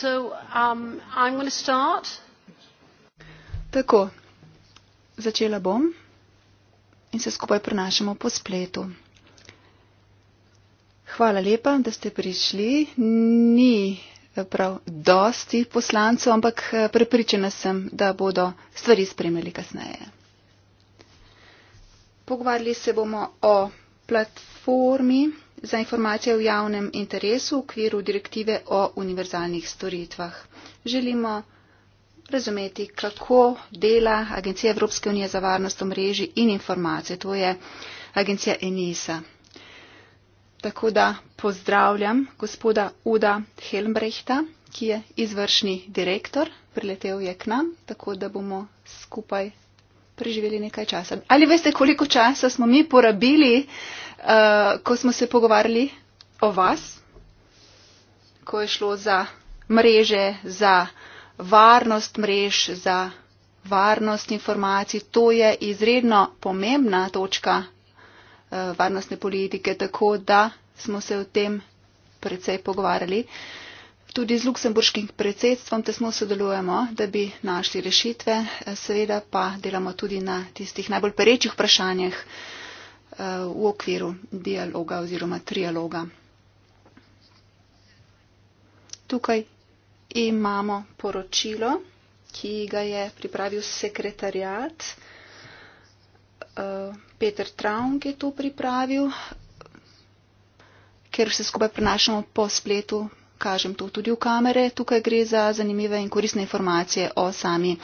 So, um, I'm going to start. Tako, začela bom in se skupaj prenašamo po spletu. Hvala lepa, da ste prišli. Ni eh, prav dosti poslancev, ampak eh, prepričana sem, da bodo stvari spremljali kasneje. Pogovarjali se bomo o platformi za informacije v javnem interesu v okviru direktive o univerzalnih storitvah. Želimo razumeti, kako dela Agencija Evropske unije za varnost omrežij in informacije. To je agencija ENISA. Tako da pozdravljam gospoda Uda Helmbrechta, ki je izvršni direktor, priletel je k nam, tako da bomo skupaj preživeli nekaj časa. Ali veste, koliko časa smo mi porabili, uh, ko smo se pogovarjali o vas, ko je šlo za mreže, za varnost mrež, za varnost informacij. To je izredno pomembna točka uh, varnostne politike, tako da smo se o tem precej pogovarjali. Uh, tudi z luksemburškim predsedstvom tesno sodelujemo, da bi našli rešitve, seveda pa delamo tudi na tistih najbolj perečih vprašanjih eh, v okviru dialoga oziroma trialoga. Tukaj imamo poročilo, ki ga je pripravil sekretarjat. Eh, Peter Traung je to pripravil, ker se skupaj prenašamo po spletu, kažem to tudi v kamere. Tukaj gre za zanimive in korisne informacije o sami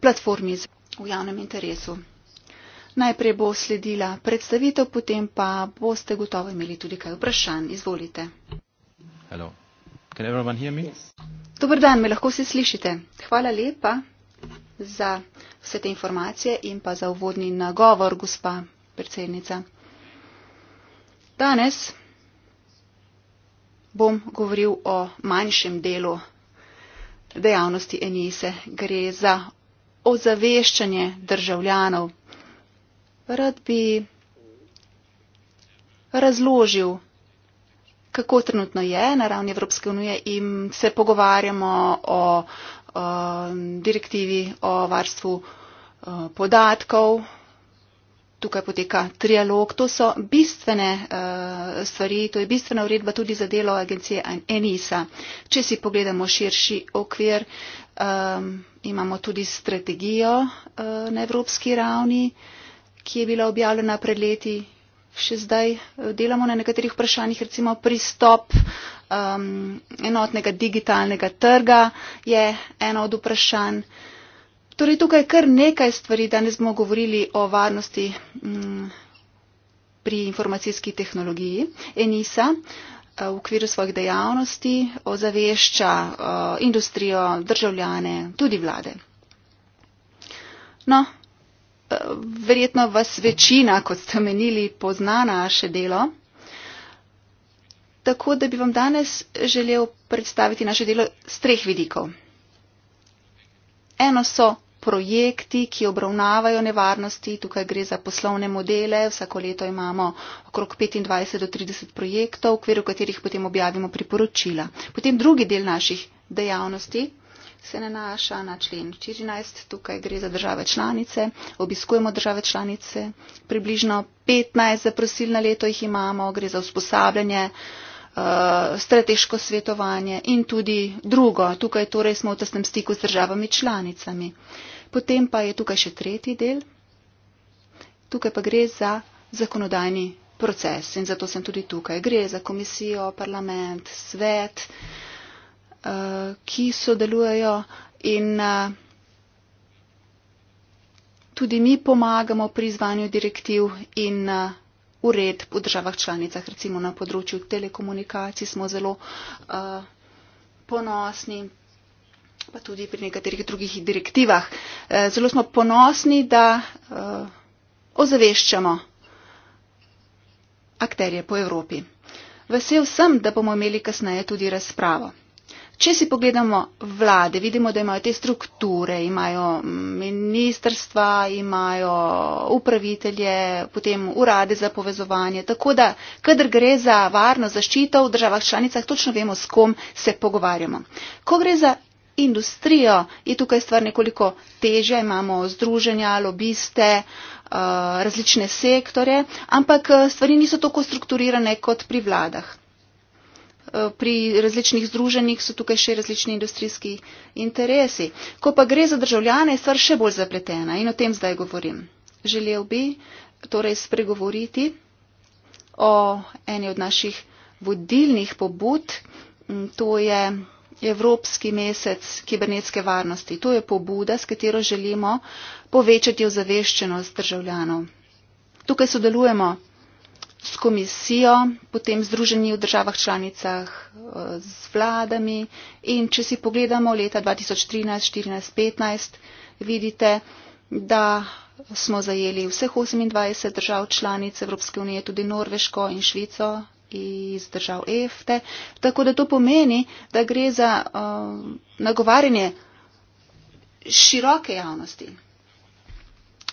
platformi v javnem interesu. Najprej bo sledila predstavitev, potem pa boste gotovo imeli tudi kaj vprašanj. Izvolite. Yes. Dobr dan, me lahko vsi slišite. Hvala lepa za vse te informacije in pa za uvodni nagovor, gospa predsednica. Danes bom govoril o manjšem delu dejavnosti Enise. Gre za ozaveščanje državljanov. Rad bi razložil, kako trenutno je na ravni Evropske unije in se pogovarjamo o, o direktivi o varstvu o, podatkov tukaj poteka trialog. To so bistvene uh, stvari, to je bistvena uredba tudi za delo agencije Enisa. Če si pogledamo širši okvir, um, imamo tudi strategijo uh, na evropski ravni, ki je bila objavljena pred leti. Še zdaj delamo na nekaterih vprašanjih, recimo pristop um, enotnega digitalnega trga je ena od vprašanj. Uh, Torej, tukaj je kar nekaj stvari, danes bomo govorili o varnosti m, mm, pri informacijski tehnologiji. Enisa eh, v okviru svojih dejavnosti ozavešča eh, industrijo, državljane, tudi vlade. No, eh, verjetno vas večina, kot ste menili, pozna naše delo. Tako da bi vam danes želel predstaviti naše delo z treh vidikov. Eno so projekti, ki obravnavajo nevarnosti. Tukaj gre za poslovne modele. Vsako leto imamo okrog 25 do 30 projektov, v okviru katerih potem objavimo priporočila. Potem drugi del naših dejavnosti se nanaša na člen 14. Tukaj gre za države članice. Obiskujemo države članice. Približno 15 zaprosil na leto jih imamo. Gre za usposabljanje. Eh, strateško svetovanje in tudi drugo. Tukaj torej smo v tesnem stiku z državami članicami. Potem pa je tukaj še tretji del. Tukaj pa gre za zakonodajni proces in zato sem tudi tukaj. Gre za komisijo, parlament, svet, eh, ki sodelujejo in eh, tudi mi pomagamo pri izvanju direktiv in ured v državah članicah, recimo na področju telekomunikacij smo zelo uh, ponosni, pa tudi pri nekaterih drugih direktivah. Uh, zelo smo ponosni, da uh, ozaveščamo akterje po Evropi. Vesel sem, da bomo imeli kasneje tudi razpravo. Če si pogledamo vlade, vidimo, da imajo te strukture, imajo ministrstva, imajo upravitelje, potem urade za povezovanje. Tako da, kadar gre za varno zaščito v državah članicah, točno vemo, s kom se pogovarjamo. Ko gre za industrijo, je tukaj stvar nekoliko teže, imamo združenja, lobiste, eh, različne sektore, ampak eh, stvari niso tako strukturirane kot pri vladah. Eh, pri različnih združenjih so tukaj še različni industrijski interesi. Ko pa gre za državljane, je stvar še bolj zapletena in o tem zdaj govorim. Želel bi torej spregovoriti o eni od naših vodilnih pobud, mm, to je Evropski mesec kibernetske varnosti. To je pobuda, s katero želimo povečati ozaveščenost državljanov. Tukaj sodelujemo s komisijo, potem združeni v državah članicah eh, z vladami in če si pogledamo leta 2013-2014-2015, vidite, da smo zajeli vseh 28 držav članic Evropske unije, tudi Norveško in Švico iz držav EFTE. Tako da to pomeni, da gre za uh, nagovarjanje široke javnosti.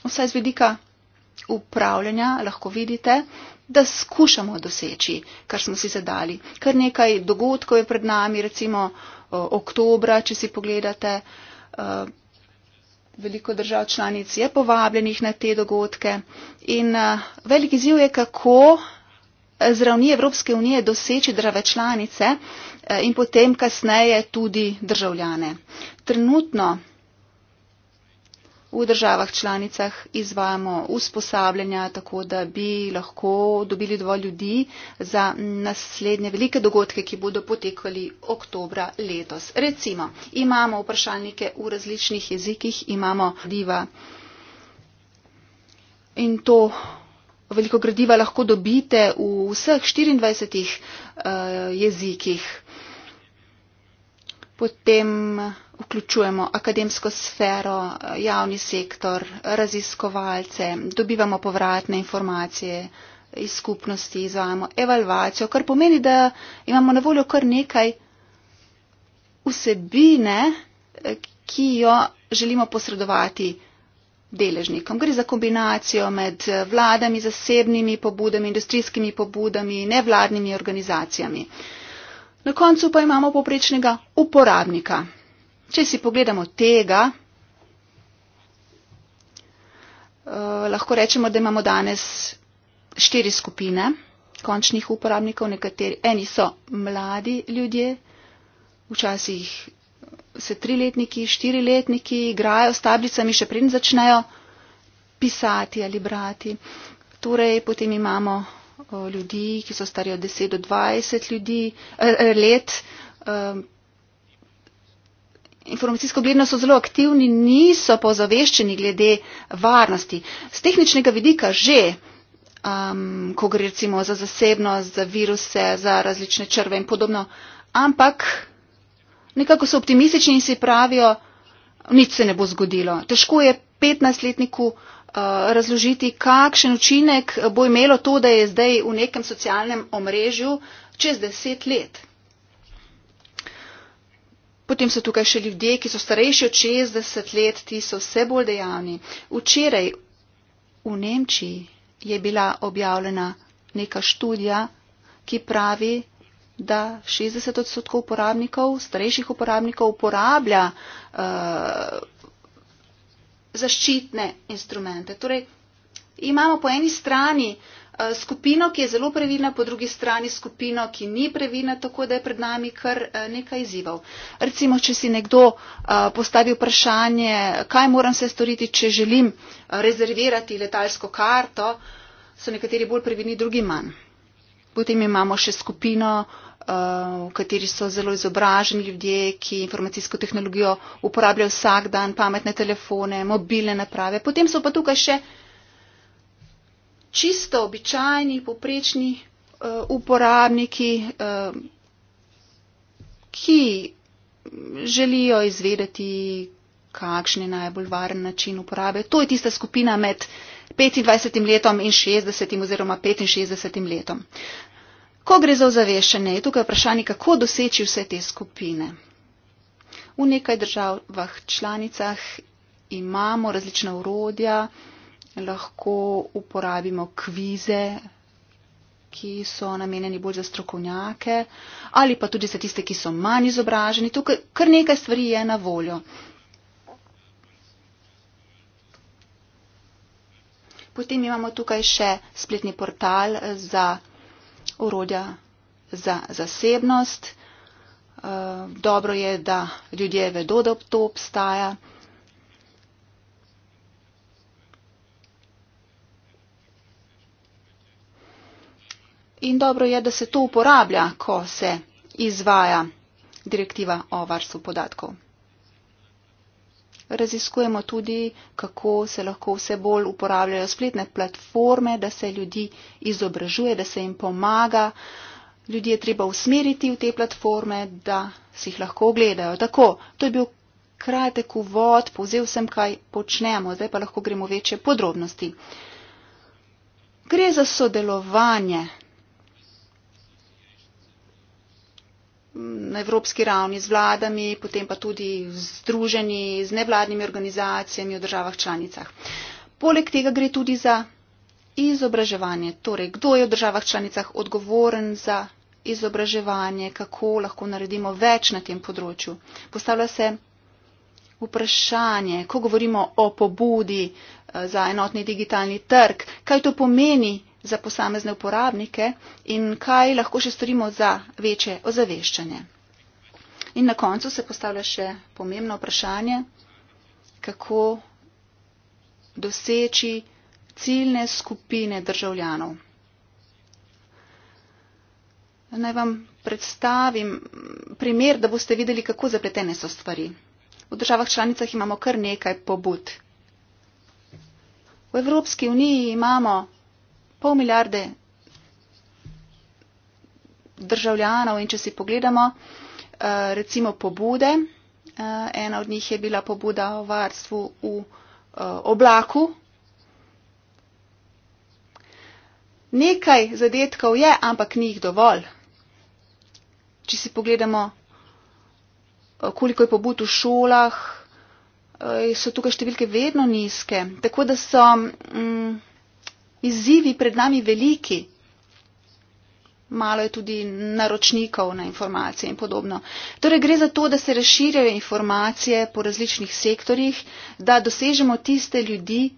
Vsaj z vedika upravljanja lahko vidite, da skušamo doseči, kar smo si zadali. Kar nekaj dogodkov je pred nami, recimo oktobra, če si pogledate, veliko držav članic je povabljenih na te dogodke in veliki ziv je, kako e, zravni Evropske unije doseči države članice e, in potem kasneje tudi državljane. Trenutno v državah članicah izvajamo usposabljanja, tako da bi lahko dobili dovolj ljudi za naslednje velike dogodke, ki bodo potekali oktobra letos. Recimo, imamo vprašalnike v različnih jezikih, imamo diva in to. Veliko gradiva lahko dobite v vseh 24 eh, jezikih. Potem vključujemo akademsko sfero, javni sektor, raziskovalce, dobivamo povratne informacije iz skupnosti, izvajamo evalvacijo, kar pomeni, da imamo na voljo kar nekaj vsebine, ki jo želimo posredovati deležnikom. Gre za kombinacijo med vladami, zasebnimi pobudami, industrijskimi pobudami, nevladnimi organizacijami. Na koncu pa imamo poprečnega uporabnika. Če si pogledamo tega, eh, lahko rečemo, da imamo danes štiri skupine končnih uporabnikov. Nekateri, eni so mladi ljudje, včasih se triletniki, štiriletniki igrajo s tablicami, še preden začnejo pisati ali brati. Torej, potem imamo eh, ljudi, ki so stari od 10 do 20 ljudi, eh, let, informacijsko gledanost so zelo aktivni, niso pa ozaveščeni glede varnosti. Z tehničnega vidika že, um, ko gre recimo za zasebnost, za viruse, za različne črve in podobno, ampak nekako so optimistični in si pravijo, nič se ne bo zgodilo. Težko je 15-letniku uh, razložiti, kakšen učinek bo imelo to, da je zdaj v nekem socialnem omrežju čez deset let. Potem so tukaj še ljudje, ki so starejši od 60 let, ti so vse bolj dejavni. Včeraj v Nemčiji je bila objavljena neka študija, ki pravi, da 60 odstotkov uporabnikov, starejših uporabnikov uporablja uh, zaščitne instrumente. Torej, imamo po eni strani uh, Eh, skupino, ki je zelo previdna, po drugi strani skupino, ki ni previdna, tako da je pred nami kar eh, nekaj izzivov. Recimo, če si nekdo eh, postavi vprašanje, kaj moram se storiti, če želim rezervirati letalsko karto, so nekateri bolj previdni, drugi manj. Potem imamo še skupino, v kateri so zelo izobraženi ljudje, ki informacijsko tehnologijo uporabljajo vsak dan, pametne telefone, mobilne naprave. Potem so pa tukaj še čisto običajni, poprečni uh, eh, uporabniki, uh, ki želijo izvedeti, kakšen je najbolj varen način uporabe. To je tista skupina med 25 letom in 60 oziroma 65 letom. Ko gre za ozaveščanje, je tukaj vprašanje, kako doseči vse te skupine. V nekaj državah članicah imamo različna urodja, lahko uporabimo kvize, ki so namenjeni bolj za strokovnjake ali pa tudi za tiste, ki so manj izobraženi. Tukaj kar nekaj stvari je na voljo. Potem imamo tukaj še spletni portal za urodja za zasebnost. Eh, dobro je, da ljudje vedo, da to obstaja. In dobro je, da se to uporablja, ko se izvaja direktiva o varstvu podatkov. Raziskujemo tudi, kako se lahko vse bolj uporabljajo spletne platforme, da se ljudi izobražuje, da se jim pomaga. Ljudje treba usmeriti v te platforme, da si jih lahko ogledajo. Tako, to je bil kratek uvod, povzel sem, kaj počnemo, zdaj pa lahko gremo v večje podrobnosti. Gre za sodelovanje na evropski ravni z vladami, potem pa tudi združeni z nevladnimi organizacijami v državah članicah. Poleg tega gre tudi za izobraževanje. Torej, kdo je v državah članicah odgovoren za izobraževanje, kako lahko naredimo več na tem področju. Postavlja se vprašanje, ko govorimo o pobudi eh, za enotni digitalni trg, kaj to pomeni za posamezne uporabnike in kaj lahko še storimo za večje ozaveščanje. In na koncu se postavlja še pomembno vprašanje, kako doseči ciljne skupine državljanov. Naj vam predstavim primer, da boste videli, kako zapletene so stvari. V državah članicah imamo kar nekaj pobud. V Evropski uniji imamo pol milijarde državljanov in če si pogledamo eh, recimo pobude, eh, ena od njih je bila pobuda o varstvu v eh, oblaku. Nekaj zadetkov je, ampak ni jih dovolj. Če si pogledamo, koliko je pobud v šolah, so tukaj številke vedno nizke. Tako da so. Mm, izzivi pred nami veliki. Malo je tudi naročnikov na informacije in podobno. Torej gre za to, da se razširjajo informacije po različnih sektorjih, da dosežemo tiste ljudi,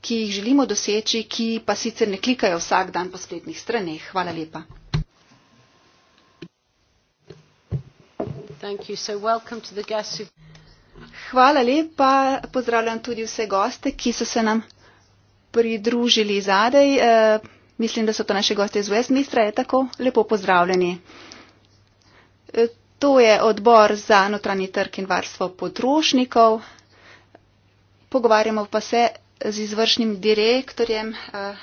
ki jih želimo doseči, ki pa sicer ne klikajo vsak dan po spletnih straneh. Hvala lepa. Hvala lepa, pozdravljam tudi vse goste, ki so se nam pridružili zadej. Eh, mislim, da so to naše goste iz Westminstra, je tako lepo pozdravljeni. Eh, to je odbor za notranji trg in varstvo potrošnikov. Pogovarjamo pa se z izvršnim direktorjem eh,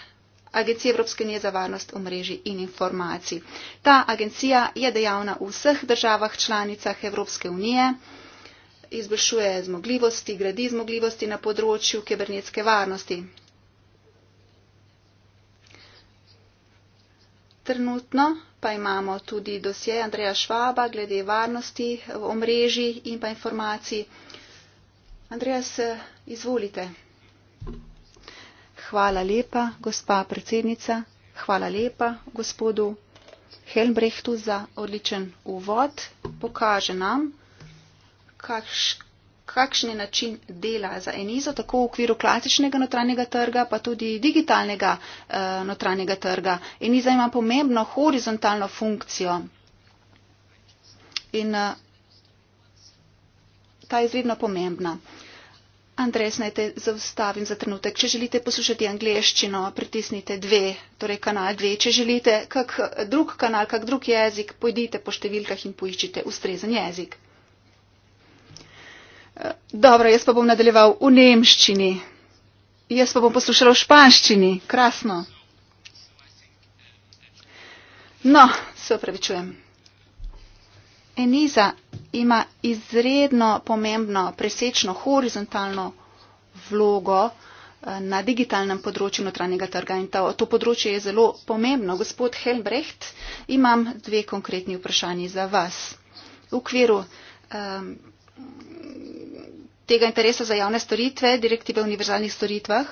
Agencije Evropske unije za varnost omrežji in informacij. Ta agencija je dejavna v vseh državah članicah Evropske unije, izboljšuje zmogljivosti, gradi zmogljivosti na področju kibernetske varnosti. Trenutno pa imamo tudi dosje Andreja Švaba glede varnosti v omrežji in pa informacij. Andreas, izvolite. Hvala lepa, gospa predsednica. Hvala lepa, gospodu Helmbrechtu, za odličen uvod. Pokaže nam, kakšne kakšen je način dela za Enizo, tako v okviru klasičnega notranjega trga, pa tudi digitalnega uh, notranjega trga. Eniza ima pomembno horizontalno funkcijo. In uh, ta je izredno pomembna. Andres, naj te zaustavim za trenutek. Če želite poslušati angliščino, pritisnite dve, torej kanal dve. Če želite kak drug kanal, kak drug jezik, pojdite po številkah in poiščite ustrezen jezik dobro jaz pa bom nadaljeval v nemščini jaz pa bom poslušal v španščini krasno no se opravičujem eniza ima izredno pomembno presečno horizontalno vlogo eh, na digitalnem področju notranjega trga in to, to področje je zelo pomembno. Gospod Helbrecht, imam dve konkretni vprašanji za vas. V okviru um, tega interesa za javne storitve, direktive o univerzalnih storitvah.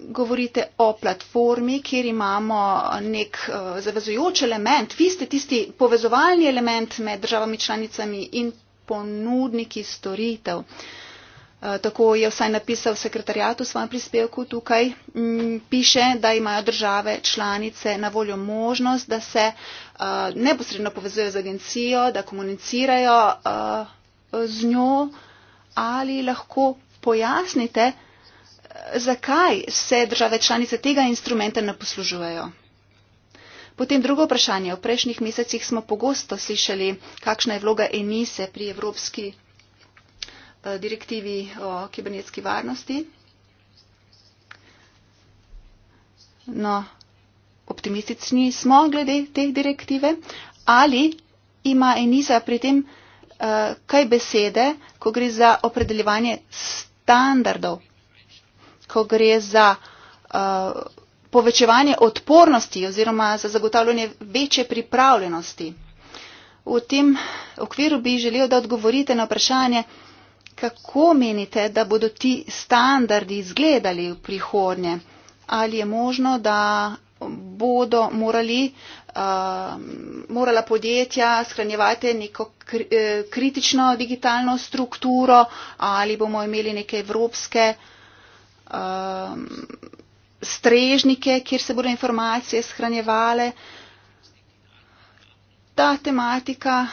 Govorite o platformi, kjer imamo nek eh, zavezujoč element. Vi ste tisti povezovalni element med državami članicami in ponudniki storitev. Eh, tako je vsaj napisal sekretarjat v svojem prispevku tukaj. Mm, piše, da imajo države članice na voljo možnost, da se eh, neposredno povezujejo z agencijo, da komunicirajo z njo ali lahko pojasnite, eh, zakaj se države članice tega instrumenta ne poslužujejo. Potem drugo vprašanje. V prejšnjih mesecih smo pogosto slišali, kakšna je vloga Enise pri Evropski eh, direktivi o kibernetski varnosti. No, optimistični smo glede te direktive. Ali ima Enisa pri tem uh, kaj besede, ko gre za opredeljevanje standardov, ko gre za uh, povečevanje odpornosti oziroma za zagotavljanje večje pripravljenosti. V tem okviru bi želel, da odgovorite na vprašanje, kako menite, da bodo ti standardi izgledali v prihodnje. Ali je možno, da bodo morali uh, Um, morala podjetja shranjevati neko eh, kritično digitalno strukturo ali bomo imeli neke evropske um, strežnike, kjer se bodo informacije shranjevale. Ta tematika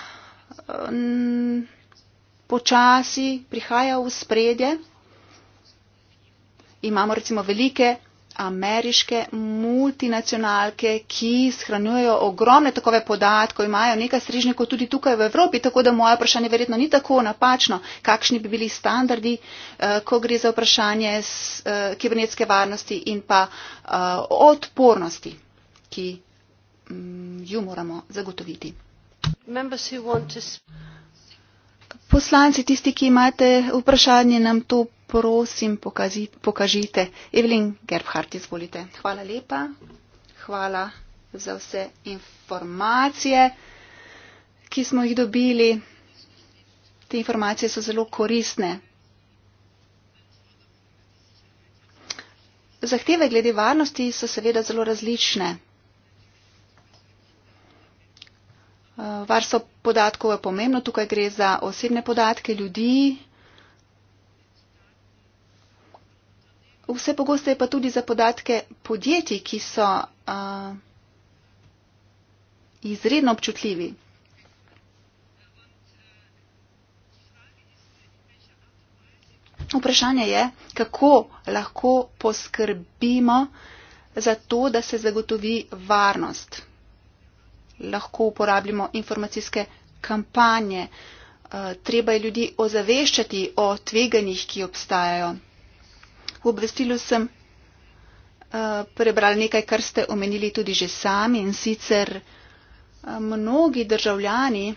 um, počasi prihaja v spredje. Imamo recimo velike ameriške multinacionalke, ki shranjujejo ogromne takove podatkov, imajo nekaj strežnikov tudi tukaj v Evropi, tako da moje vprašanje verjetno ni tako napačno, kakšni bi bili standardi, eh, ko gre za vprašanje eh, kibernetske varnosti in pa eh, odpornosti, ki mm, jo moramo zagotoviti poslanci, tisti, ki imate vprašanje, nam to prosim pokazi, pokažite. Evelin Gerbhardt, izvolite. Hvala lepa. Hvala za vse informacije, ki smo jih dobili. Te informacije so zelo koristne. Zahteve glede varnosti so seveda zelo različne. Varstvo podatkov je pomembno, tukaj gre za osebne podatke ljudi. Vse pogosto je pa tudi za podatke podjetij, ki so uh, izredno občutljivi. Vprašanje je, kako lahko poskrbimo za to, da se zagotovi varnost lahko uporabljamo informacijske kampanje. Eh, treba je ljudi ozaveščati o tveganjih, ki obstajajo. V obvestilu sem eh, prebrala nekaj, kar ste omenili tudi že sami in sicer eh, mnogi državljani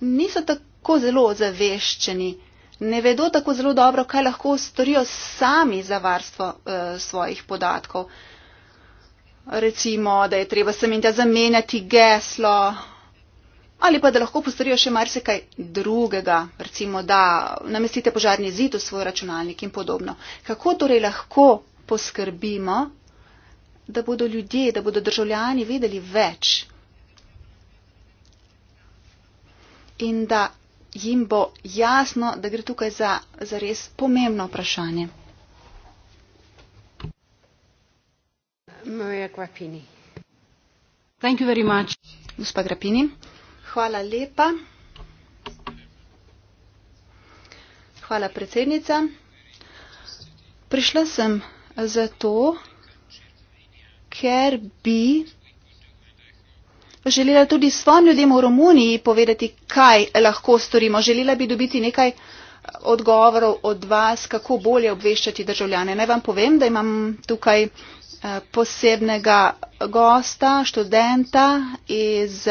niso tako zelo ozaveščeni, ne vedo tako zelo dobro, kaj lahko storijo sami za varstvo svojih podatkov recimo, da je treba sem in tja zamenjati geslo. Ali pa da lahko postorijo še marsikaj drugega, recimo da namestite požarni zid v svoj računalnik in podobno. Kako torej lahko poskrbimo, da bodo ljudje, da bodo državljani vedeli več in da jim bo jasno, da gre tukaj za, za res pomembno vprašanje. Gospa Grapini. Hvala lepa. Hvala predsednica. Prišla sem zato, ker bi želela tudi svojim ljudem v Romuniji povedati, kaj lahko storimo. Želela bi dobiti nekaj odgovorov od vas, kako bolje obveščati državljane. Naj vam povem, da imam tukaj posebnega gosta, študenta iz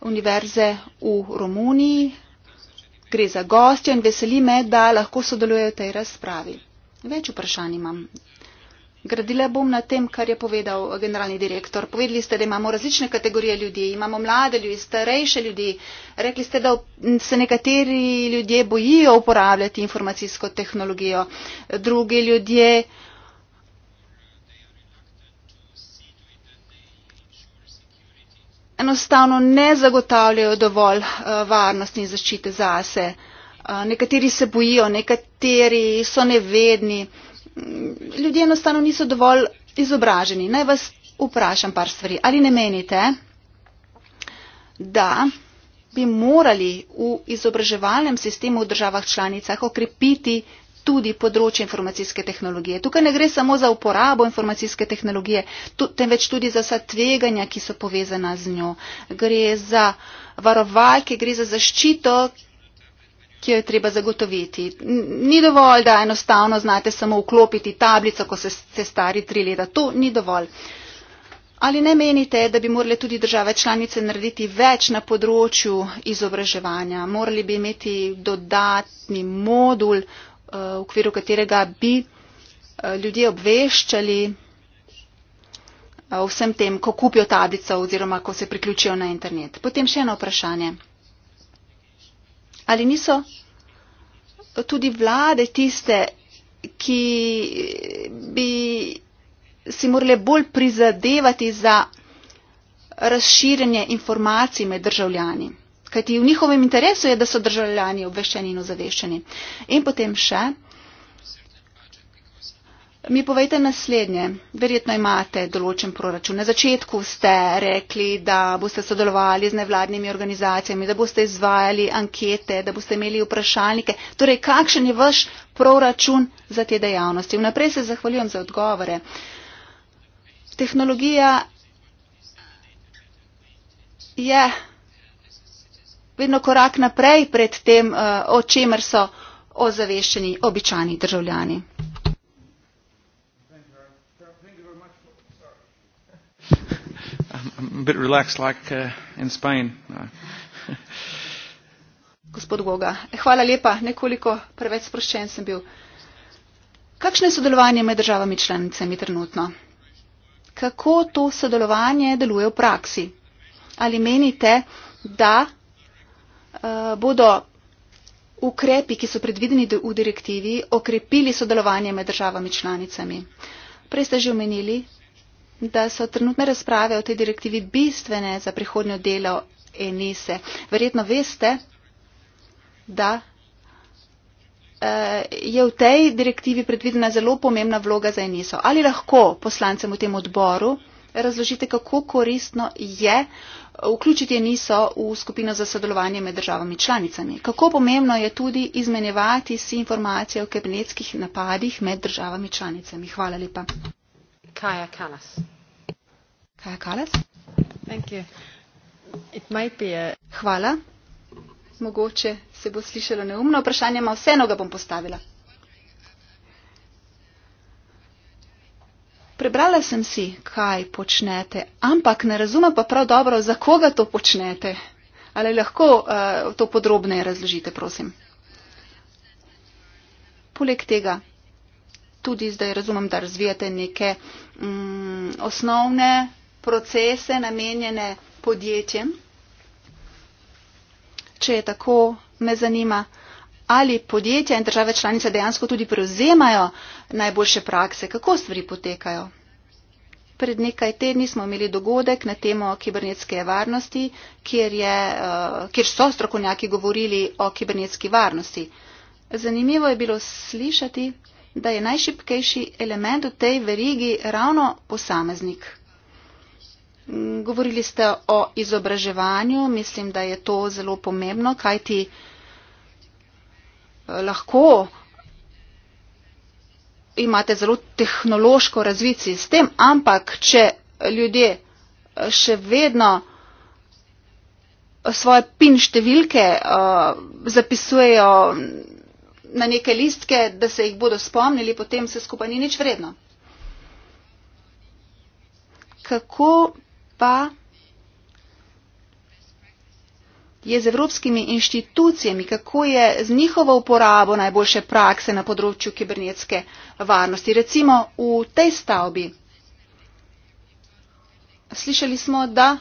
Univerze v Romuniji. Gre za gostja in veseli me, da lahko sodeluje v tej razpravi. Več vprašanj imam. Gradila bom na tem, kar je povedal generalni direktor. Povedali ste, da imamo različne kategorije ljudi, imamo mlade ljudi, starejše ljudi. Rekli ste, da se nekateri ljudje bojijo uporabljati informacijsko tehnologijo, drugi ljudje enostavno ne zagotavljajo dovolj eh, varnosti in zaščite zase. Eh, nekateri se bojijo, nekateri so nevedni. Mm, ljudje enostavno niso dovolj izobraženi. Naj vas vprašam par stvari. Ali ne menite, da bi morali v izobraževalnem sistemu v državah članicah okrepiti tudi področje informacijske tehnologije. Tukaj ne gre samo za uporabo informacijske tehnologije, temveč tudi za vsa tveganja, ki so povezana z njo. Gre za varovalke, gre za zaščito ki jo je treba zagotoviti. Ni dovolj, da enostavno znate samo vklopiti tablico, ko se, se stari tri leta. To ni dovolj. Ali ne menite, da bi morali tudi države članice narediti več na področju izobraževanja? Morali bi imeti dodatni modul Eh, v okviru katerega bi eh, ljudje obveščali eh, vsem tem, ko kupijo tablico oziroma ko se priključijo na internet. Potem še eno vprašanje. Ali niso tudi vlade tiste, ki bi si morale bolj prizadevati za razširjanje informacij med državljani? kajti v njihovem interesu je, da so državljani obveščeni in ozaveščeni. In potem še, mi povejte naslednje, verjetno imate določen proračun. Na začetku ste rekli, da boste sodelovali z nevladnimi organizacijami, da boste izvajali ankete, da boste imeli vprašalnike. Torej, kakšen je vaš proračun za te dejavnosti? Vnaprej se zahvaljujem za odgovore. Tehnologija je. Yeah vedno korak naprej pred tem, eh, o čemer so ozaveščeni običajni državljani. Uh, no. Gospod Goga, hvala lepa, nekoliko preveč sproščen sem bil. Kakšno je sodelovanje med državami članicami trenutno? Kako to sodelovanje deluje v praksi? Ali menite, da Eh, bodo ukrepi, ki so predvideni v direktivi, okrepili sodelovanje med državami članicami. Prej ste že omenili, da so trenutne razprave o tej direktivi bistvene za prihodnjo delo ENISE. Verjetno veste, da eh, je v tej direktivi predvidena zelo pomembna vloga za ENISO. Ali lahko poslancem v tem odboru razložite, kako koristno je eh, vključiti eniso v skupino za sodelovanje med državami članicami. Kako pomembno je tudi izmenjevati si informacije o kibernetskih napadih med državami članicami. Hvala lepa. Kaja Kalas. Kaja Kalas. Hvala. Mogoče se bo slišalo neumno vprašanje, ampak vseeno ga bom postavila. Prebrala sem si, kaj počnete, ampak ne razumem pa prav dobro, za koga to počnete. Ali lahko uh, to podrobneje razložite, prosim? Poleg tega, tudi zdaj razumem, da razvijate neke mm, osnovne procese namenjene podjetjem. Če je tako, me zanima, ali podjetja in države članice dejansko tudi prevzemajo najboljše prakse, kako stvari potekajo. Pred nekaj tedni smo imeli dogodek na temo kibernetske varnosti, kjer, je, eh, kjer so strokovnjaki govorili o kibernetski varnosti. Zanimivo je bilo slišati, da je najšipkejši element v tej verigi ravno posameznik. Mm, govorili ste o izobraževanju, mislim, da je to zelo pomembno, kajti uh, Eh, lahko imate zelo tehnološko razvici s tem, ampak če ljudje eh, še vedno eh, svoje pin številke uh, zapisujejo na neke listke, da se jih bodo spomnili, potem se skupaj ni nič vredno. Kako pa je z evropskimi inštitucijami, kako je z njihovo uporabo najboljše prakse na področju kibernetske varnosti. Recimo v tej stavbi slišali smo, da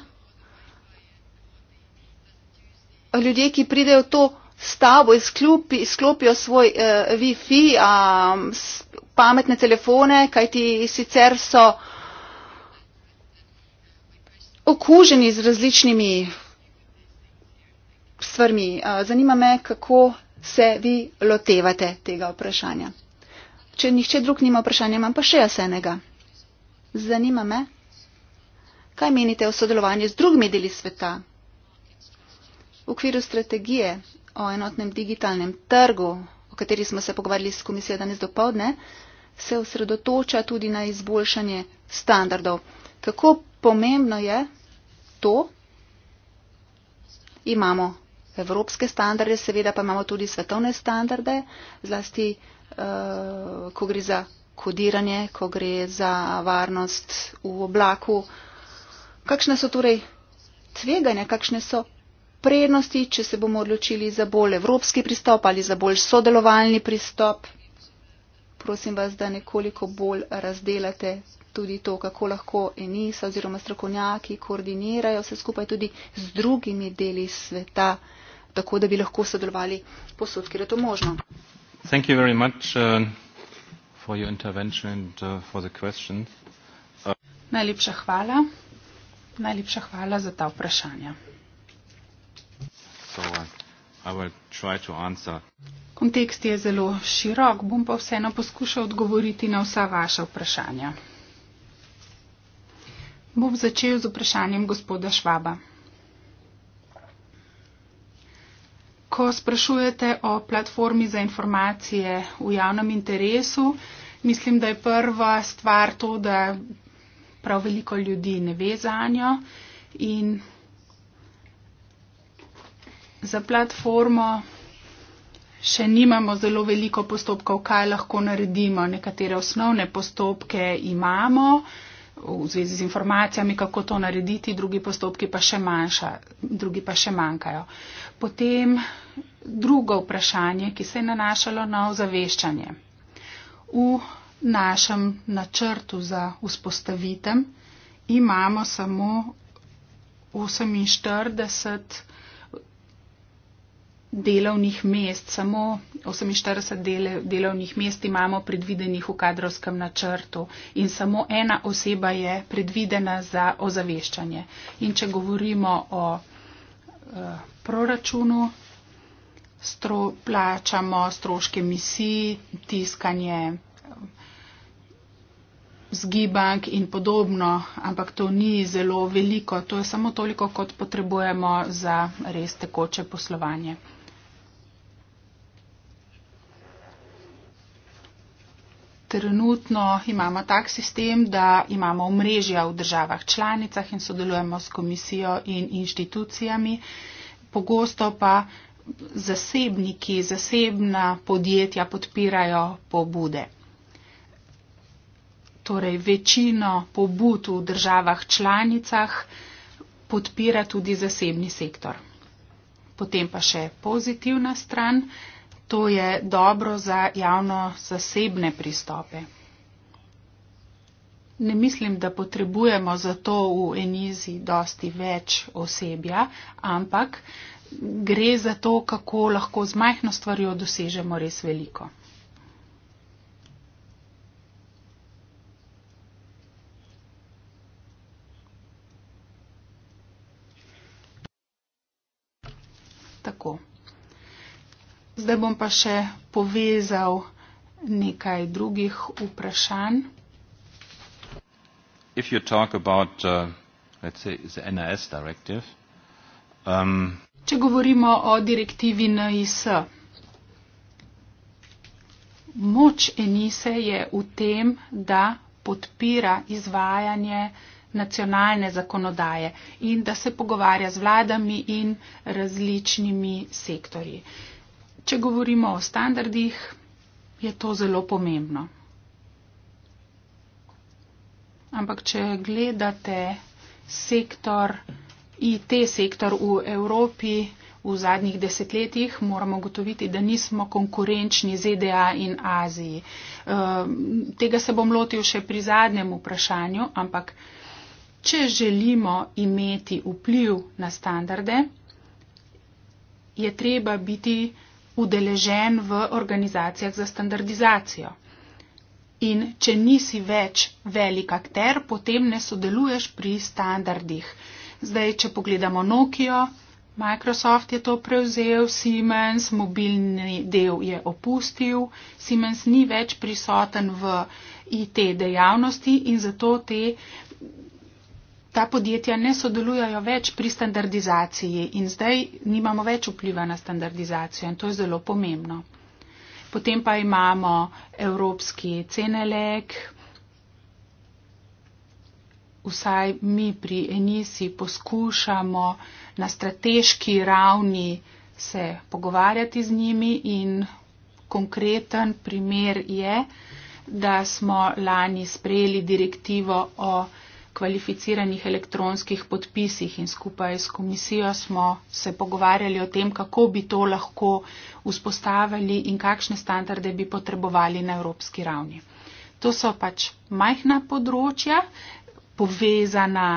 ljudje, ki pridejo to stavbo, izklopi, izklopijo svoj uh, Wi-Fi, um, pametne telefone, kajti sicer so okuženi z različnimi stvarmi. Zanima me, kako se vi lotevate tega vprašanja. Če nihče drug nima vprašanja, imam pa še jaz enega. Zanima me, kaj menite o sodelovanju z drugimi deli sveta v okviru strategije o enotnem digitalnem trgu, o kateri smo se pogovarjali s komisijo danes dopovdne, se osredotoča tudi na izboljšanje standardov. Kako pomembno je to, imamo evropske standarde, seveda pa imamo tudi svetovne standarde, zlasti uh, ko gre za kodiranje, ko gre za varnost v oblaku. Kakšne so torej tveganja, kakšne so prednosti, če se bomo odločili za bolj evropski pristop ali za bolj sodelovalni pristop? Prosim vas, da nekoliko bolj razdelate tudi to, kako lahko enisa oziroma strokovnjaki koordinirajo vse skupaj tudi z drugimi deli sveta tako da bi lahko sodelovali posod, kjer je to možno. Thank you very much uh, for your intervention and uh, for the questions. Uh, najlepša hvala. Najlepša hvala za ta vprašanja. So, uh, I will try to answer. Kontekst je zelo širok, bom pa vseeno poskušal odgovoriti na vsa vaša vprašanja. Bom začel z vprašanjem gospoda Švaba. Ko sprašujete o platformi za informacije v javnem interesu, mislim, da je prva stvar to, da prav veliko ljudi ne ve za njo in za platformo še nimamo zelo veliko postopkov, kaj lahko naredimo. Nekatere osnovne postopke imamo, uh, v zvezi z informacijami, kako to narediti, drugi postopki pa še manjša, drugi pa še manjkajo. Potem drugo vprašanje, ki se je nanašalo na ozaveščanje. V našem načrtu za vzpostavitem imamo samo 48 delovnih mest, samo 48 dele, delovnih mest imamo predvidenih v kadrovskem načrtu in samo ena oseba je predvidena za ozaveščanje. In če govorimo o e, proračunu, stro, plačamo stroške misij, tiskanje zgibank in podobno, ampak to ni zelo veliko, to je samo toliko, kot potrebujemo za res tekoče poslovanje. trenutno imamo tak sistem, da imamo omrežja v državah članicah in sodelujemo s komisijo in inštitucijami. Pogosto pa zasebniki, zasebna podjetja podpirajo pobude. Torej, večino pobud v državah članicah podpira tudi zasebni sektor. Potem pa še pozitivna stran to je dobro za javno-zasebne pristope. Ne mislim, da potrebujemo za to v enizi dosti več osebja, ampak gre za to, kako lahko z majhno stvarjo dosežemo res veliko. Zdaj bom pa še povezal nekaj drugih vprašanj. If you talk about, uh, let's say, the NIS directive, um, Če govorimo o direktivi NIS, moč Enise je v tem, da podpira izvajanje nacionalne zakonodaje in da se pogovarja z vladami in različnimi sektorji. Uh, Če govorimo o standardih, je to zelo pomembno. Ampak, če gledate sektor IT, sektor v Evropi v zadnjih desetletjih, moramo gotoviti, da nismo konkurenčni ZDA in Aziji. E, tega se bom lotil še pri zadnjem vprašanju, ampak, če želimo imeti vpliv na standarde, je treba biti udeležen v organizacijah za standardizacijo. In če nisi več velik akter, potem ne sodeluješ pri standardih. Zdaj, če pogledamo Nokio, Microsoft je to prevzel, Siemens, mobilni del je opustil, Siemens ni več prisoten v IT dejavnosti in zato te ta podjetja ne sodelujajo več pri standardizaciji in zdaj nimamo več vpliva na standardizacijo in to je zelo pomembno. Potem pa imamo evropski cenelek, vsaj mi pri Enisi poskušamo na strateški ravni se pogovarjati z njimi in konkreten primer je, da smo lani sprejeli direktivo o kvalificiranih elektronskih podpisih in skupaj s komisijo smo se pogovarjali o tem, kako bi to lahko vzpostavili in kakšne standarde bi potrebovali na evropski ravni. To so pač majhna področja, povezana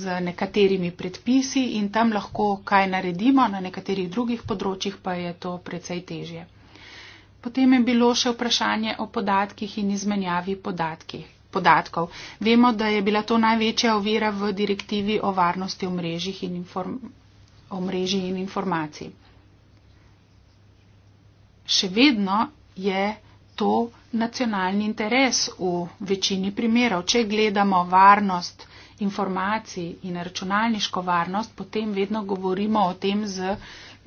z nekaterimi predpisi in tam lahko kaj naredimo, na nekaterih drugih področjih pa je to precej težje. Potem je bilo še vprašanje o podatkih in izmenjavi podatkih podatkov. Vemo, da je bila to največja ovira v direktivi o varnosti omrežjih in, inform in informacij. Še vedno je to nacionalni interes v večini primerov. Če gledamo varnost informacij in računalniško varnost, potem vedno govorimo o tem z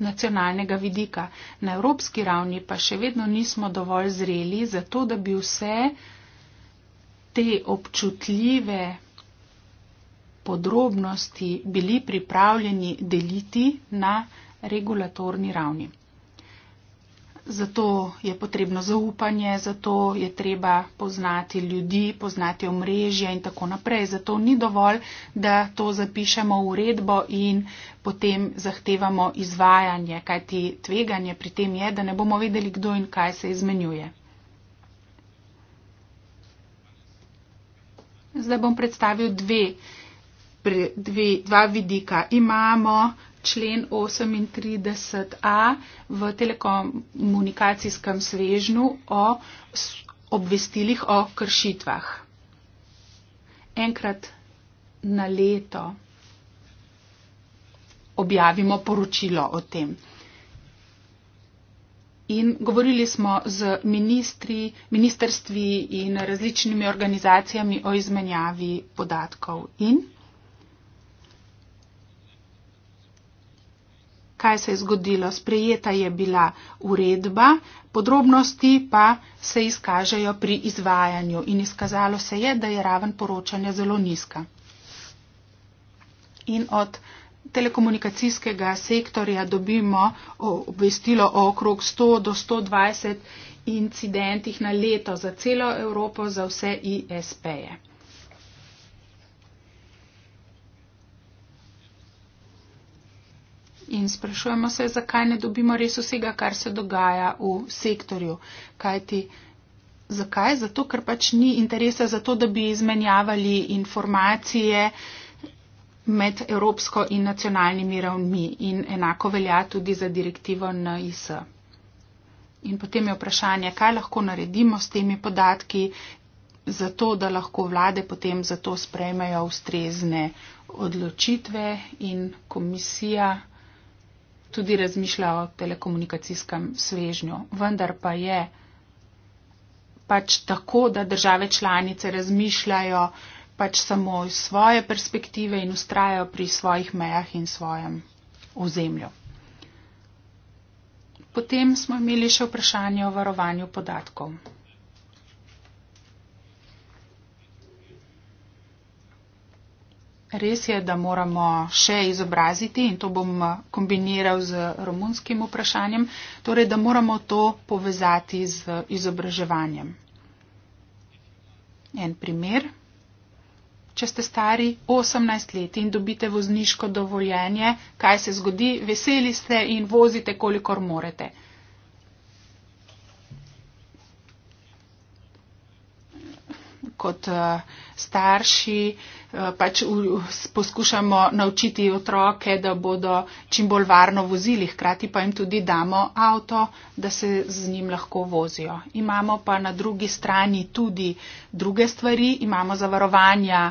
nacionalnega vidika. Na evropski ravni pa še vedno nismo dovolj zreli za to, da bi vse te občutljive podrobnosti bili pripravljeni deliti na regulatorni ravni. Zato je potrebno zaupanje, zato je treba poznati ljudi, poznati omrežja in tako naprej. Zato ni dovolj, da to zapišemo v uredbo in potem zahtevamo izvajanje, kajti tveganje pri tem je, da ne bomo vedeli, kdo in kaj se izmenjuje. Zdaj bom predstavil dve, dve, dva vidika. Imamo člen 38a v telekomunikacijskem svežnu o obvestilih o kršitvah. Enkrat na leto objavimo poročilo o tem. In govorili smo z ministri, ministerstvi in različnimi organizacijami o izmenjavi podatkov. In kaj se je zgodilo? Sprejeta je bila uredba, podrobnosti pa se izkažejo pri izvajanju in izkazalo se je, da je raven poročanja zelo nizka. In od telekomunikacijskega sektorja dobimo obvestilo o okrog 100 do 120 incidentih na leto za celo Evropo, za vse ISP-je. In sprašujemo se, zakaj ne dobimo res vsega, kar se dogaja v sektorju. Kajti, zakaj? Zato, ker pač ni interesa za to, da bi izmenjavali informacije, eh, med evropsko in nacionalnimi ravnmi in enako velja tudi za direktivo NIS. In potem je vprašanje, kaj lahko naredimo s temi podatki, zato da lahko vlade potem za to sprejmejo ustrezne odločitve in komisija tudi razmišlja o telekomunikacijskem svežnju. Vendar pa je pač tako, da države članice razmišljajo, pač samo iz svoje perspektive in ustrajajo pri svojih mejah in svojem ozemlju. Potem smo imeli še vprašanje o varovanju podatkov. Res je, da moramo še izobraziti in to bom eh, kombiniral z romunskim vprašanjem, torej da moramo to povezati z izobraževanjem. En primer. Če ste stari 18 let in dobite vozniško dovoljenje, kaj se zgodi, veseli ste in vozite, kolikor morete. kot eh, starši eh, pač poskušamo naučiti otroke, da bodo čim bolj varno vozili, hkrati pa jim tudi damo avto, da se z njim lahko vozijo. Imamo pa na drugi strani tudi druge stvari, imamo zavarovanja,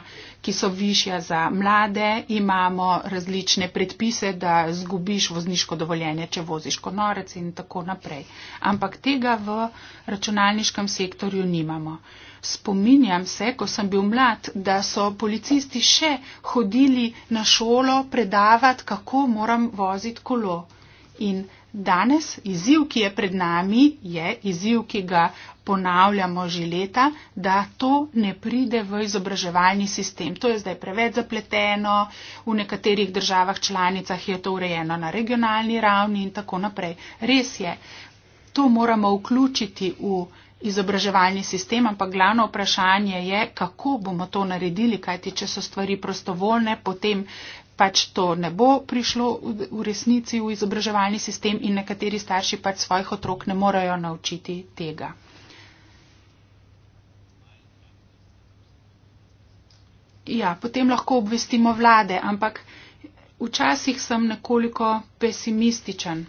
ki so višja za mlade, imamo različne predpise, da zgubiš vozniško dovoljenje, če voziš konorec in tako naprej. Ampak tega v računalniškem sektorju nimamo spominjam se, ko sem bil mlad, da so policisti še hodili na šolo predavati, kako moram voziti kolo. In danes izziv, ki je pred nami, je izziv, ki ga ponavljamo že leta, da to ne pride v izobraževalni sistem. To je zdaj preveč zapleteno, v nekaterih državah članicah je to urejeno na regionalni ravni in tako naprej. Res je, to moramo vključiti v izobraževalni sistem, ampak glavno vprašanje je, kako bomo to naredili, kajti če so stvari prostovoljne, potem pač to ne bo prišlo v resnici v izobraževalni sistem in nekateri starši pač svojih otrok ne morejo naučiti tega. Ja, potem lahko obvestimo vlade, ampak včasih sem nekoliko pesimističen.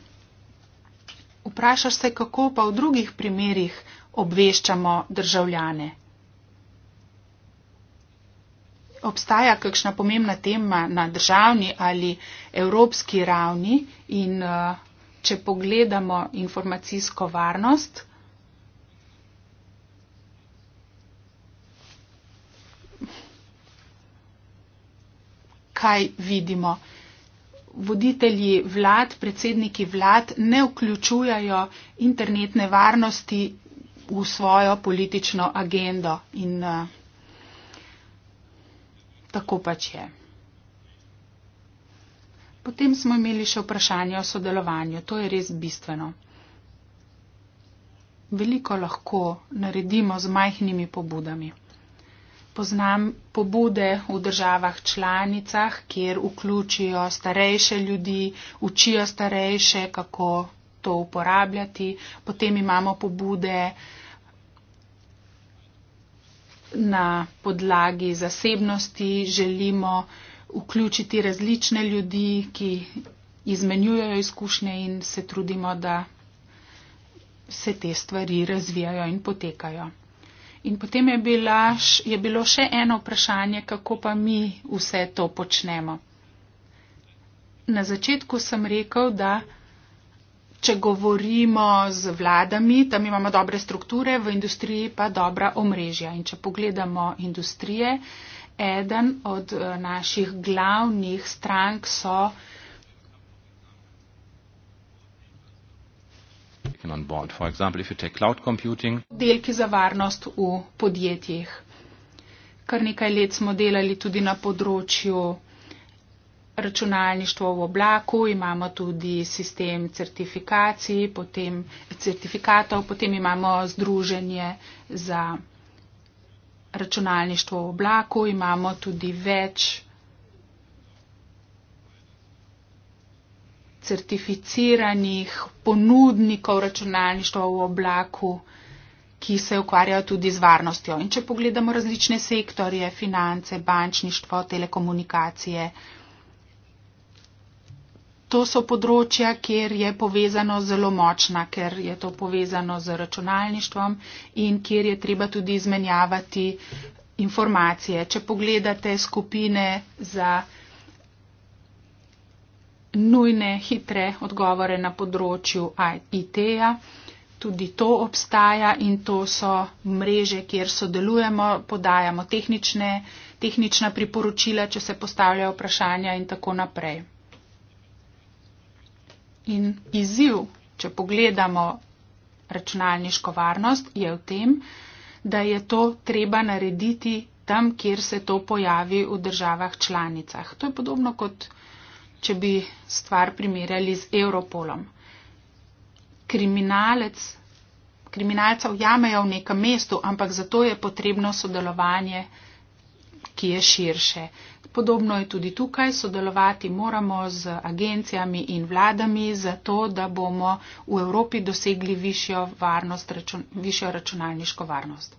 Vprašaš se, kako pa v drugih primerjih obveščamo državljane. Obstaja kakšna pomembna tema na državni ali evropski ravni in eh, če pogledamo informacijsko varnost, kaj vidimo? Voditelji vlad, predsedniki vlad ne vključujajo internetne varnosti v svojo politično agendo in eh, tako pač je. Potem smo imeli še vprašanje o sodelovanju. To je res bistveno. Veliko lahko naredimo z majhnimi pobudami. Poznam pobude v državah članicah, kjer vključijo starejše ljudi, učijo starejše, kako to uporabljati. Potem imamo pobude uh, na podlagi zasebnosti želimo vključiti različne ljudi, ki izmenjujejo izkušnje in se trudimo, da se te stvari razvijajo in potekajo. In potem je, bila, je bilo še eno vprašanje, kako pa mi vse to počnemo. Na začetku sem rekel, da če govorimo z vladami, tam imamo dobre strukture, v industriji pa dobra omrežja. In če pogledamo industrije, eden od eh, naših glavnih strank so. On board. For example, if you take cloud computing. Delki za varnost v podjetjih. Kar nekaj let smo delali tudi na področju računalništvo v oblaku, imamo tudi sistem certifikacij, potem certifikatov, potem imamo združenje za računalništvo v oblaku, imamo tudi več certificiranih ponudnikov računalništva v oblaku, ki se ukvarjajo tudi z varnostjo. In če pogledamo različne sektorje, finance, bančništvo, telekomunikacije, to so področja, kjer je povezano zelo močna, ker je to povezano z računalništvom in kjer je treba tudi izmenjavati informacije. Če pogledate skupine za nujne, hitre odgovore na področju IT-ja, tudi to obstaja in to so mreže, kjer sodelujemo, podajamo tehnične, tehnična priporočila, če se postavljajo vprašanja in tako naprej. In izziv, če pogledamo računalniško varnost, je v tem, da je to treba narediti tam, kjer se to pojavi v državah članicah. To je podobno, kot če bi stvar primerjali z Europolom. Kriminalec, kriminalca ujamejo v nekem mestu, ampak zato je potrebno sodelovanje, ki je širše. Podobno je tudi tukaj, sodelovati moramo z agencijami in vladami, zato da bomo v Evropi dosegli višjo, varnost, račun, višjo računalniško varnost.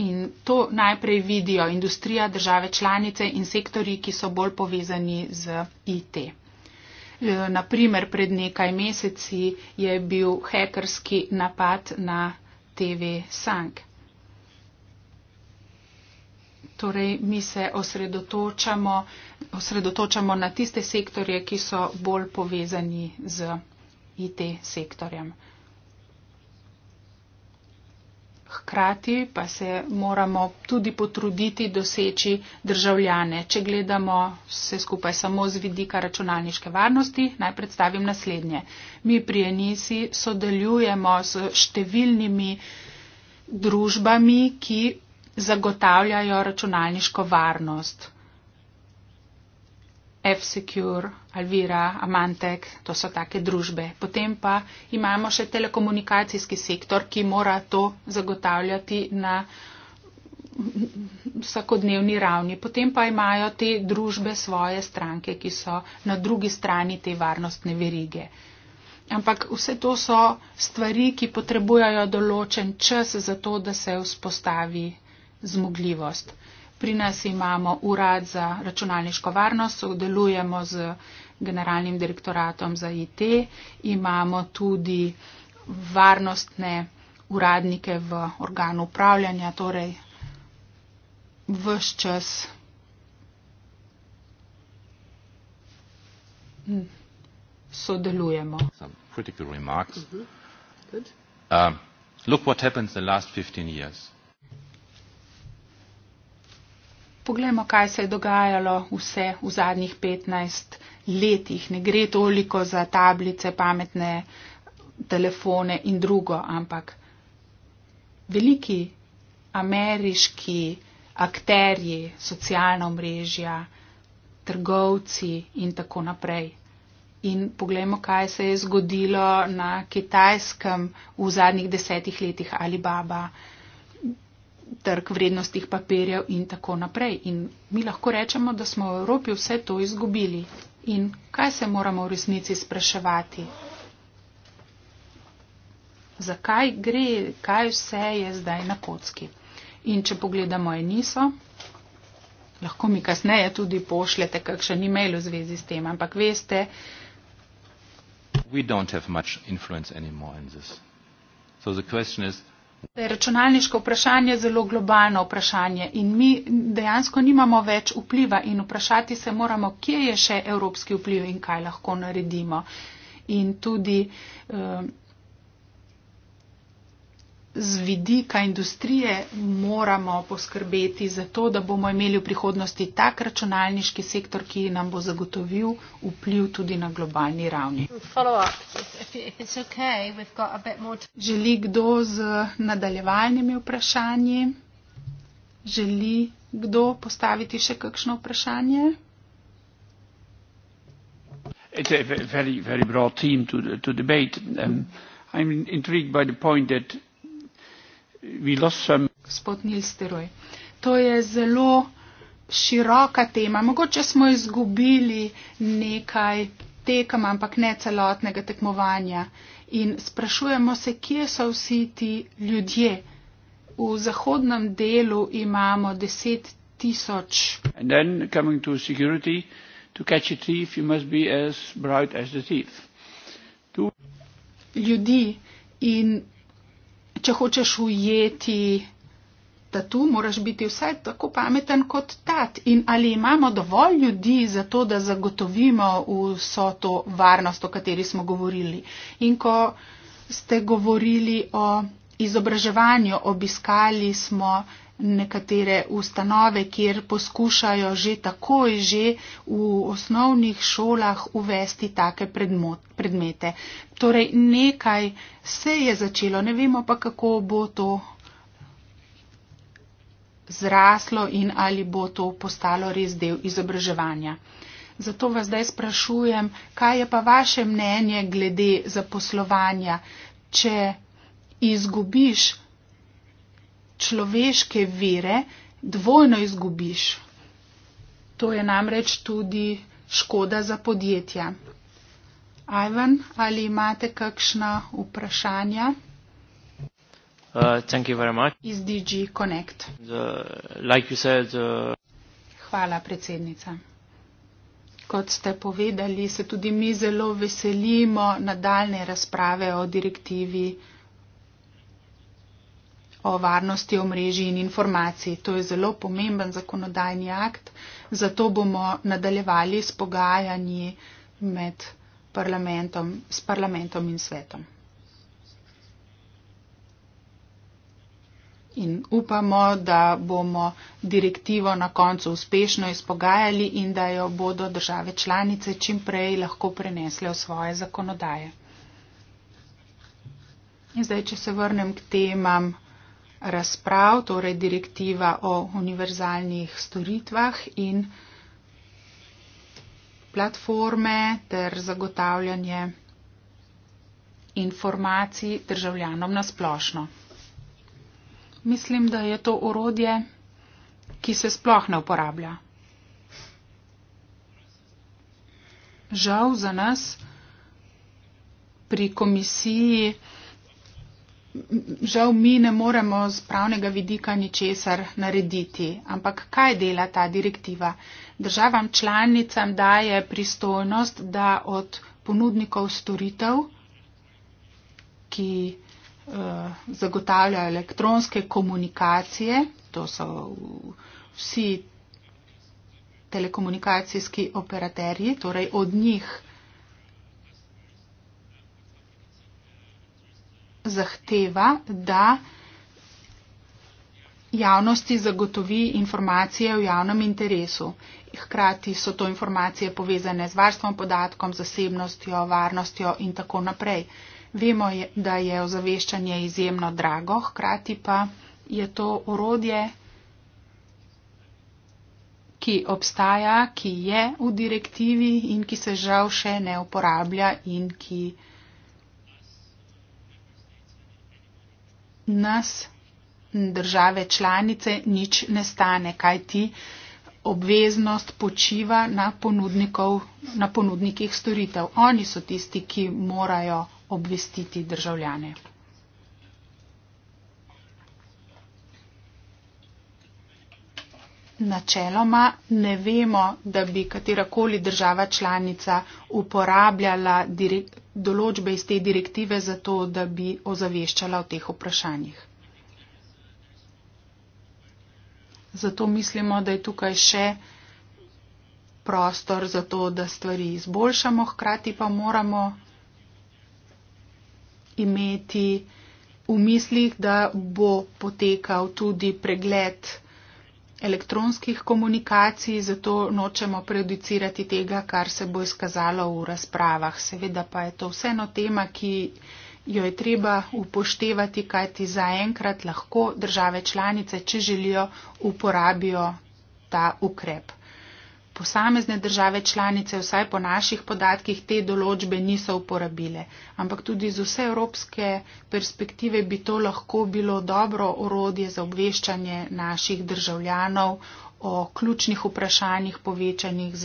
In to najprej vidijo industrija, države članice in sektori, ki so bolj povezani z IT. E, Naprimer, pred nekaj meseci je bil hekerski napad na TV Sank. Torej, mi se osredotočamo, osredotočamo na tiste sektorje, ki so bolj povezani z IT sektorjem. Hkrati pa se moramo tudi potruditi doseči državljane. Če gledamo vse skupaj samo z vidika računalniške varnosti, naj predstavim naslednje. Mi pri Enisi sodelujemo s številnimi družbami, ki zagotavljajo računalniško varnost. F-Secure, Alvira, Amantec, to so take družbe. Potem pa imamo še telekomunikacijski sektor, ki mora to zagotavljati na vsakodnevni ravni. Potem pa imajo te družbe svoje stranke, ki so na drugi strani te varnostne verige. Ampak vse to so stvari, ki potrebujajo določen čas za to, da se vzpostavi zmogljivost. Pri nas imamo urad za računalniško varnost, sodelujemo z generalnim direktoratom za IT, imamo tudi varnostne uradnike v organu upravljanja, torej vse čas. Sodelujemo. Some critical remarks. Mm -hmm. Good. Um, look what happened in the last 15 years. Poglejmo, kaj se je dogajalo vse v zadnjih 15 letih. Ne gre toliko za tablice, pametne telefone in drugo, ampak veliki ameriški akterji, socialna omrežja, trgovci in tako naprej. In poglejmo, kaj se je zgodilo na kitajskem v zadnjih desetih letih Alibaba trg vrednostih papirjev in tako naprej. In mi lahko rečemo, da smo v Evropi vse to izgubili. In kaj se moramo v resnici spraševati? Zakaj gre, kaj vse je zdaj na kocki? In če pogledamo Eniso, lahko mi kasneje tudi pošljete kakšen e-mail v zvezi s tem, ampak veste. We don't have much influence anymore in this. So the question is, Da je računalniško vprašanje zelo globalno vprašanje in mi dejansko nimamo več vpliva in vprašati se moramo, kje je še evropski vpliv in kaj lahko naredimo. In tudi eh, z vidika industrije moramo poskrbeti za to, da bomo imeli v prihodnosti tak računalniški sektor, ki nam bo zagotovil vpliv tudi na globalni ravni. Okay, Želi kdo z nadaljevalnimi vprašanji? Želi kdo postaviti še kakšno vprašanje? It's a very, very broad theme to, to debate. Um, I'm intrigued by the point that Sem... Gospod Nilsteroj, to je zelo široka tema. Mogoče smo izgubili nekaj tekem, ampak ne celotnega tekmovanja. In sprašujemo se, kje so vsi ti ljudje. V zahodnem delu imamo deset tisoč. Thief, as as tu... Ljudi in če hočeš ujeti tatu, moraš biti vsaj tako pameten kot tat. In ali imamo dovolj ljudi za to, da zagotovimo vso to varnost, o kateri smo govorili. In ko ste govorili o izobraževanju, obiskali smo nekatere ustanove, kjer poskušajo že takoj, že v osnovnih šolah uvesti take predmete. Torej nekaj se je začelo, ne vemo pa, kako bo to zraslo in ali bo to postalo res del izobraževanja. Zato vas zdaj sprašujem, kaj je pa vaše mnenje glede zaposlovanja, če izgubiš človeške vere dvojno izgubiš. To je namreč tudi škoda za podjetja. Ivan, ali imate kakšna vprašanja? Uh, Iz DG Connect. The, like said, uh... Hvala, predsednica. Kot ste povedali, se tudi mi zelo veselimo nadaljne razprave o direktivi 2021-2020 o varnosti omrežij in informacij. To je zelo pomemben zakonodajni akt, zato bomo nadaljevali s pogajanji med parlamentom, s parlamentom in svetom. In upamo, da bomo direktivo na koncu uspešno izpogajali in da jo bodo države članice čim prej lahko prenesle v svoje zakonodaje. In zdaj, če se vrnem k temam, razprav, torej direktiva o univerzalnih storitvah in platforme ter zagotavljanje informacij državljanom na splošno. Mislim, da je to orodje, ki se sploh ne uporablja. Žal za nas pri komisiji žal mi ne moremo z pravnega vidika ničesar narediti. Ampak kaj dela ta direktiva? Državam članicam daje pristojnost, da od ponudnikov storitev, ki eh, zagotavljajo elektronske komunikacije, to so vsi telekomunikacijski operaterji, torej od njih zahteva, da javnosti zagotovi informacije v javnem interesu. Hkrati so to informacije povezane z varstvom podatkom, zasebnostjo, varnostjo in tako naprej. Vemo, je, da je ozaveščanje izjemno drago, hkrati pa je to urodje, ki obstaja, ki je v direktivi in ki se žal še ne uporablja in ki nas, države članice, nič ne stane, kaj ti obveznost počiva na, na ponudnikih storitev. Oni so tisti, ki morajo obvestiti državljane. načeloma ne vemo, da bi katerakoli država članica uporabljala določbe iz te direktive za to, da bi ozaveščala o teh vprašanjih. Zato mislimo, da je tukaj še prostor za to, da stvari izboljšamo, hkrati pa moramo imeti v mislih, da bo potekal tudi pregled elektronskih komunikacij, zato nočemo prejudicirati tega, kar se bo izkazalo v razpravah. Seveda pa je to vseeno tema, ki jo je treba upoštevati, kajti zaenkrat lahko države članice, če želijo, uporabijo ta ukrep posamezne države članice vsaj po naših podatkih te določbe niso uporabile. Ampak tudi z vse evropske perspektive bi to lahko bilo dobro orodje za obveščanje naših državljanov o ključnih vprašanjih povezanih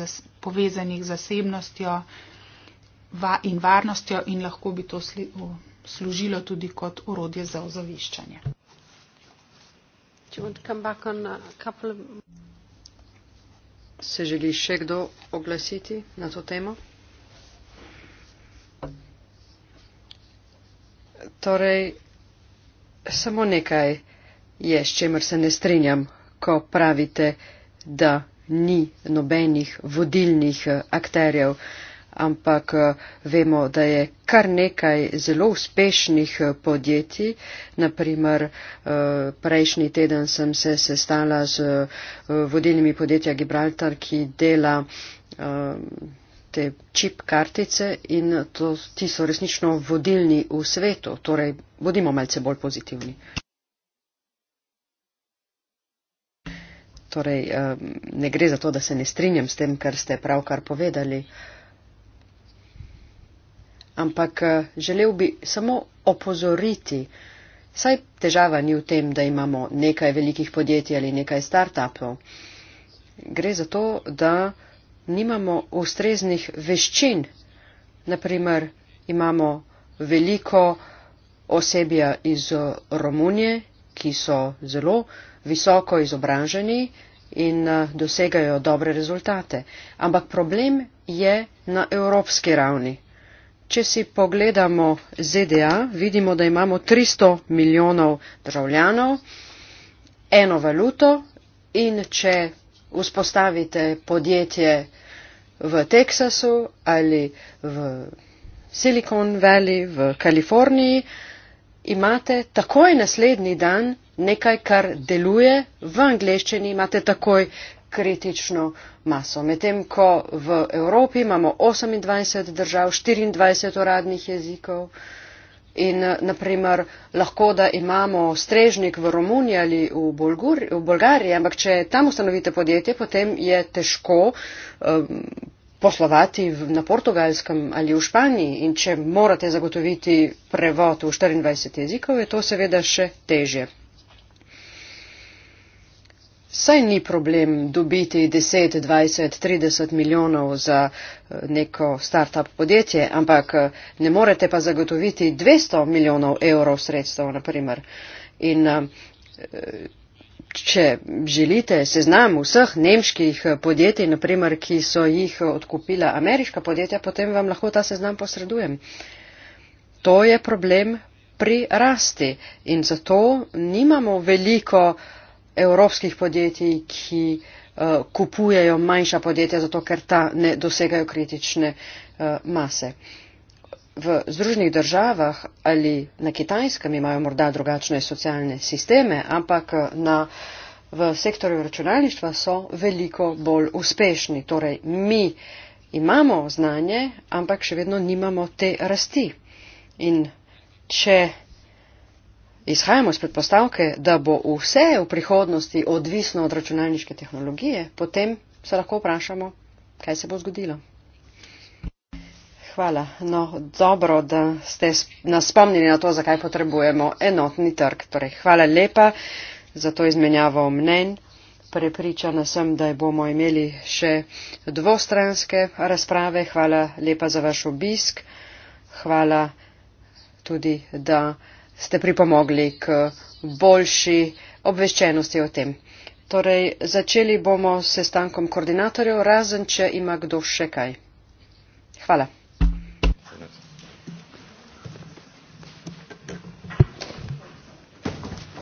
z zasebnostjo in varnostjo in lahko bi to služilo tudi kot orodje za ozaviščanje. Do you want to come back on a couple of... Se želi še kdo oglasiti na to temo? Torej, samo nekaj je, s čemer se ne strinjam, ko pravite, da ni nobenih vodilnih eh, akterjev. Uh, ampak eh, vemo, da je kar nekaj zelo uspešnih eh, podjetij. Naprimer, eh, prejšnji teden sem se sestala z vodilnimi podjetja Gibraltar, ki dela te čip kartice in to, ti so resnično vodilni v svetu. Torej, bodimo malce bolj pozitivni. Torej, ne gre za to, da se ne strinjam s tem, kar ste pravkar povedali ampak eh, želel bi samo opozoriti, saj težava ni v tem, da imamo nekaj velikih podjetij ali nekaj start-upov. Gre za to, da nimamo ustreznih veščin. Naprimer, imamo veliko osebja iz Romunije, ki so zelo visoko izobraženi in eh, dosegajo dobre rezultate. Ampak problem je na evropski ravni če si pogledamo zda vidimo da imamo tristo milijonov državljanov eno valuto in če vzpostavite podjetje v teksasu ali v silicon valley v kaliforniji imate takoj naslednji dan nekaj kar deluje v angleščini imate takoj kritično maso. Medtem ko v Evropi imamo 28 držav, 24 uradnih jezikov in naprimer lahko, da imamo strežnik v Romuniji ali v, Bulgur, v Bolgariji, ampak če tam ustanovite podjetje, potem je težko. Um, poslovati na portugalskem ali v Španiji in če morate zagotoviti prevod v 24 jezikov, je to seveda še težje. Saj ni problem dobiti 10, 20, 30 milijonov za eh, neko start-up podjetje, ampak eh, ne morete pa zagotoviti 200 milijonov evrov sredstev, naprimer. In eh, če želite seznam vseh nemških podjetij, naprimer, ki so jih odkupila ameriška podjetja, potem vam lahko ta seznam posredujem. To je problem pri rasti in zato nimamo veliko evropskih podjetij, ki eh, kupujejo manjša podjetja, zato ker ta ne dosegajo kritične eh, mase. V združnih državah ali na kitajskem imajo morda drugačne socialne sisteme, ampak eh, na, v sektorju računalništva so veliko bolj uspešni. Torej, mi imamo znanje, ampak še vedno nimamo te rasti. In če izhajamo iz predpostavke, da bo vse v prihodnosti odvisno od računalniške tehnologije, potem se lahko vprašamo, kaj se bo zgodilo. Hvala. No, dobro, da ste nas spomnili na to, zakaj potrebujemo enotni trg. Torej, hvala lepa za to izmenjavo mnen. Prepričana sem, da bomo imeli še dvostranske razprave. Hvala lepa za vaš obisk. Hvala tudi, da ste pripomogli k boljši obveščenosti o tem. Torej, začeli bomo s sestankom koordinatorjev, razen če ima kdo še kaj. Hvala.